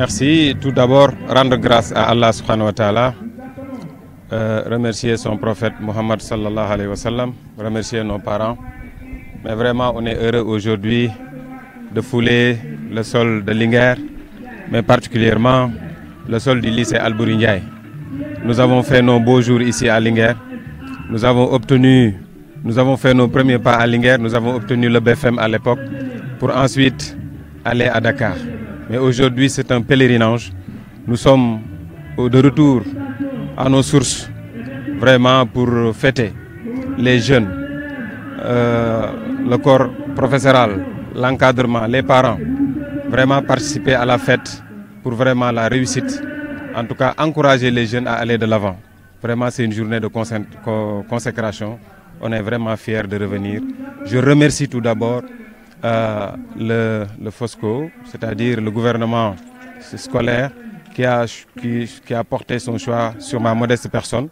Merci. Tout d'abord, rendre grâce à Allah subhanahu wa ta'ala, euh, remercier son prophète Mohammed sallallahu alayhi wa remercier nos parents. Mais vraiment, on est heureux aujourd'hui de fouler le sol de Linger, mais particulièrement le sol du lycée al Alburindiaï. Nous avons fait nos beaux jours ici à Linger. Nous avons obtenu, nous avons fait nos premiers pas à Linger. Nous avons obtenu le BFM à l'époque pour ensuite aller à Dakar. Mais aujourd'hui, c'est un pèlerinage. Nous sommes de retour à nos sources, vraiment pour fêter les jeunes, euh, le corps professoral, l'encadrement, les parents, vraiment participer à la fête pour vraiment la réussite. En tout cas, encourager les jeunes à aller de l'avant. Vraiment, c'est une journée de consécration. On est vraiment fiers de revenir. Je remercie tout d'abord euh, le, FOSCO, c'est-à-dire le gouvernement scolaire, qui a, qui, porté son choix sur ma modeste personne,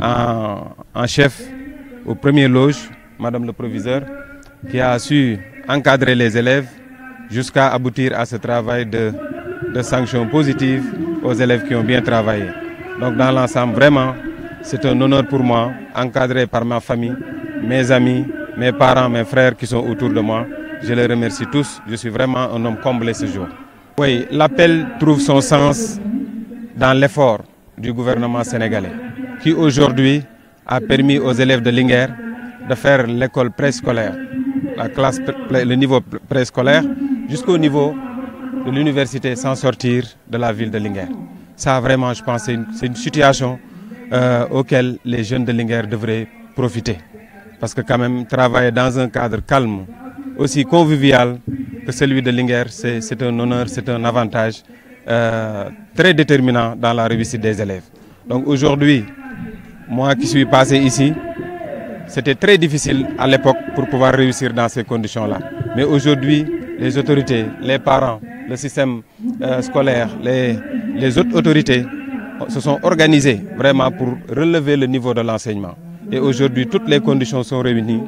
en, chef au premier loge, Madame le Proviseur, qui a su encadrer les élèves jusqu'à aboutir à ce travail de, de sanctions positives aux élèves qui ont bien travaillé. Donc dans l'ensemble, vraiment, c'est un honneur pour moi, encadré par ma famille, mes amis, mes parents, mes frères qui sont autour de moi. Je les remercie tous. Je suis vraiment un homme comblé ce jour. Oui, l'appel trouve son sens dans l'effort du gouvernement sénégalais qui aujourd'hui a permis aux élèves de Linger de faire l'école préscolaire, la classe, le niveau préscolaire jusqu'au niveau de l'université sans sortir de la ville de Linger. Ça vraiment, je pense, c'est une, situation euh, auquel les jeunes de Linger devraient profiter. Parce que quand même, travailler dans un cadre calme, aussi convivial que celui de Linger. C'est un honneur, c'est un avantage euh, très déterminant dans la réussite des élèves. Donc aujourd'hui, moi qui suis passé ici, c'était très difficile à l'époque pour pouvoir réussir dans ces conditions-là. Mais aujourd'hui, les autorités, les parents, le système euh, scolaire, les, les autres autorités se sont organisées vraiment pour relever le niveau de l'enseignement. Et aujourd'hui, toutes les conditions sont réunies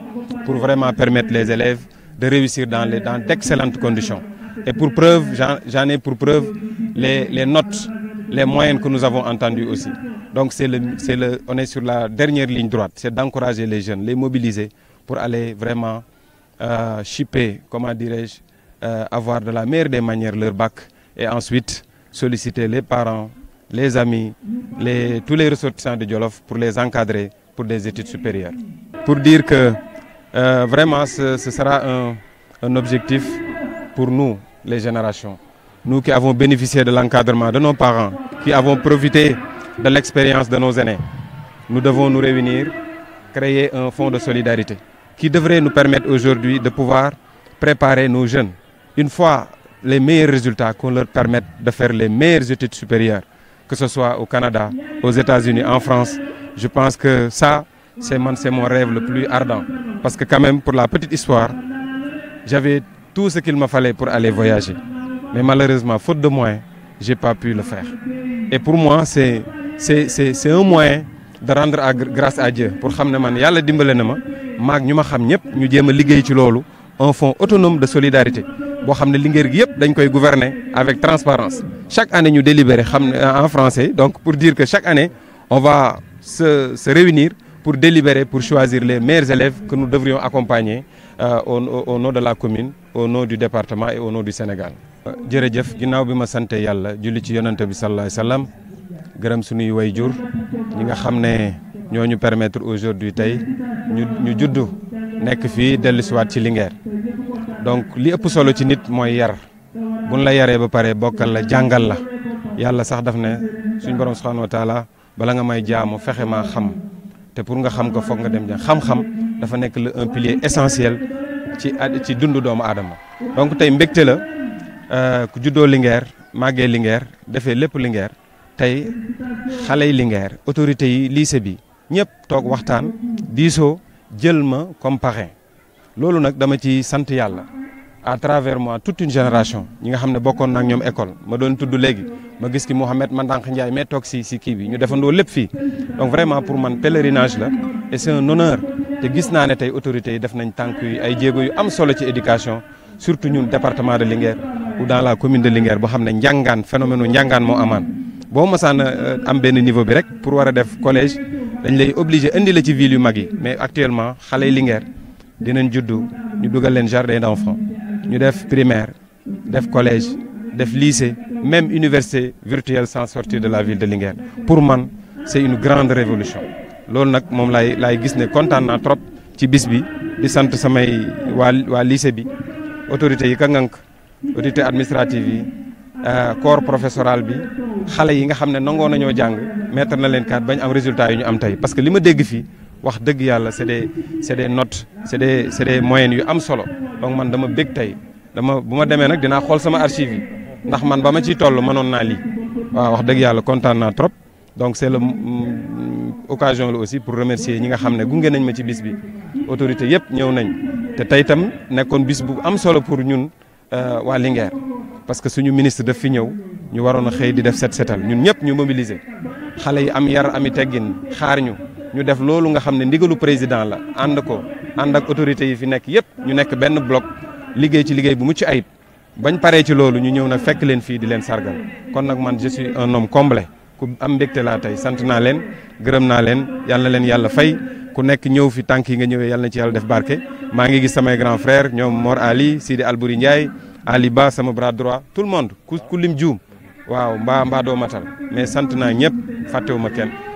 pour vraiment permettre les élèves de réussir dans, les, dans d'excellentes conditions. Et pour preuve, j'en ai pour preuve les, les, notes, les moyennes que nous avons entendues aussi. Donc c'est le, le, on est sur la dernière ligne droite, c'est d'encourager les jeunes, les mobiliser pour aller vraiment euh, shipper, comment dirais-je, euh, avoir de la meilleure des manières leur bac et ensuite solliciter les parents, les amis, les, tous les ressortissants de Diolof pour les encadrer pour des études supérieures. Pour dire que euh, vraiment, ce, sera un, un, objectif pour nous, les générations. Nous qui avons bénéficié de l'encadrement de nos parents, qui avons profité de l'expérience de nos aînés, nous devons nous réunir, créer un fonds de solidarité qui devrait nous permettre aujourd'hui de pouvoir préparer nos jeunes. Une fois les meilleurs résultats, qu'on leur permette de faire les meilleures études supérieures, que ce soit au Canada, aux États-Unis, en France. Je pense que ça, c'est mon rêve le plus ardent. Parce que quand même, pour la petite histoire, j'avais tout ce qu'il me fallait pour aller voyager. Mais malheureusement, faute de moyens, je n'ai pas pu le faire. Et pour moi, c'est un moyen de rendre grâce à Dieu. Pour savoir que Dieu m'a aidé, maag nous ma xam ñëpp ñu un fonds autonome de solidarité Nous xam que Linguère gi yëpp dañ koy gouverner avec transparence chaque année nous délibérons en français donc pour dire que chaque année on va se se réunir pour délibérer, pour choisir les meilleurs élèves que nous devrions accompagner euh, au, au, nom de la commune, au nom du département et au nom du Sénégal. Djerejef, euh, ginnaaw Bima Santé Yalla, yàlla julli ci yonante bi sallallahu alayhi Wasallam, sallam gërëm suñuy wayjur ñi nga xam ne permettre aujourd'hui tey ñu ñu judd nekk fii dellusiwaat ci Linguère donc li ëpp solo ci nit mooy yar buñ la yaree ba paré bokkal la jangal la yalla sax daf né suñu borom subhanahu wa taala bala nga may jaamu fexé ma xam te pour nga xam ko foog nga dem jàng xam-xam dafa nekk le un pilier essentiel ci ci dundu doomu aadama donc tey mbégte la euh, ku juddoo Linguère màggee Linguère defee lépp lingère, tey xale yi Linguère autorités yi lycée bi ñëpp toog waxtaan diisoo jël comme parrain loolu nak dama ci sant yàlla à travers moi toute une génération ñi nga xamné ne nak ñom école ma doon tuddu légui ma gis ki Mouhamed Mandank Ndiaye mais tok si si ki bi ñu defandoo lepp fi donc vraiment pour man pèlerinage la et c'est un honneur te gis naa ne tey autorités def nañ tank yu ay djégo yu am solo ci éducation surtout ñun département de Linguère ou dans la commune de Linguère bo xamné ne njàngaan phénomène u njàngaan moo amaan boo mosaan euh, am benn niveau bi rek pour wara def collège dañ lay obligé andi la ci ville yu magui, mais actuellement xalé yi Linguère dinañ juddu ñu dugal len jardin d'enfants ñu def primaire def collège def lycée même université virtuelle sans sortir de la ville de Linguère pour man c'est une grande révolution loolu nag moom laay laay gis ne trop ci bis bi di sant samay waa waa lycée bi autorité yi ka ngank autorité administrative yi euh, corps professoral bi xale yi nga xam ne nangoo nañoo jàng na leen cadre bañ am résultat yu ñu am tey parce que li ma dégg wax deug yalla c'est des c'est des notes c'est des c'est des moyennes yu am solo donc man dama bég tay dama buma démé nak dina xol sama archive yi ndax man bama ci tollu manon na li wa wax deug yalla kontaan naa trop donc c'est le mm, occasion la aussi pour remercier ñi nga xam ne nañ ma ci bis bi autorité yépp ñëw nañ té tay tam nékkon bis bu am solo pour ñun euh, wa Linguère parce que suñu ministre daf fi ñëw ñu waroon xey di def set setal ñun ñëpp ñu mobiliser xalé yi am yar ami teggin xaar ñu ñu def loolu nga xam ne ndigalu président la ànd ko ànd ak autorités yi fi nekk yëpp ñu nekk benn bloc liggéey ci liggéey bu mucc ayib bañ paree ci loolu ñu ñëw nag fekk leen fii di leen sargal kon nag man je suis un homme ku am mbégte laa tey sant naa leen gërëm naa leen yàlla na leen yàlla fay ku nekk ñëw fi tànk yi nga ñëwee yàlla ci yàlla def barke maa ngi gis samay grand frère ñoom Mor Ali Sidi Albouri Ndiaye Ali Ba sama brad droit tout le monde ku ku lim juum waaw mbaa matal mais sant naa ñëpp fàttewuma kenn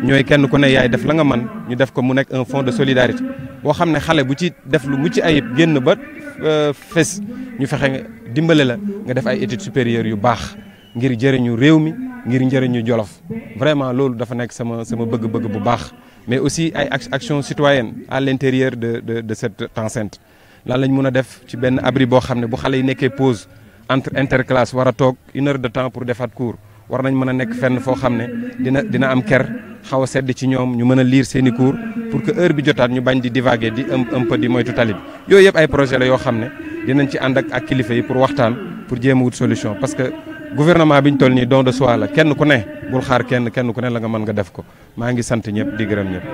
Nous kenn ku def la nga man un fonds de solidarité boo xam ne xale bu ci def lu mu ayib génn ba euh, fes ñu fexe dimbale la études supérieures yu baax ngir jëriñu réew mi ngir njëriñu vraiment loolu dafa nekk sama sama bëgg-bëgg mais aussi ay action citoyenne à l'intérieur de cette enceinte lan lañ mën a def abri boo xam bu pause entre interclasse war une heure de temps pour defaat cours war nañ mën a nekk fenn foo xam ne dina dina am ker xaw sedd ci ñoom ñu mën a liir seeni i pour que heure bi jotaat ñu bañ di divaguer di un peu di moytu tali bi yooyu yëpp ay projet la yoo xam ne dinañ ci ànd ak ak kilifa yi pour waxtaan pour jéem a wut solution parce que gouvernement bi ñu toll nii don de soi kenn ku ne bul xaar kenn kenn ku ne la nga mën nga def ko maa ngi sant ñëpp di gërëm ñëpp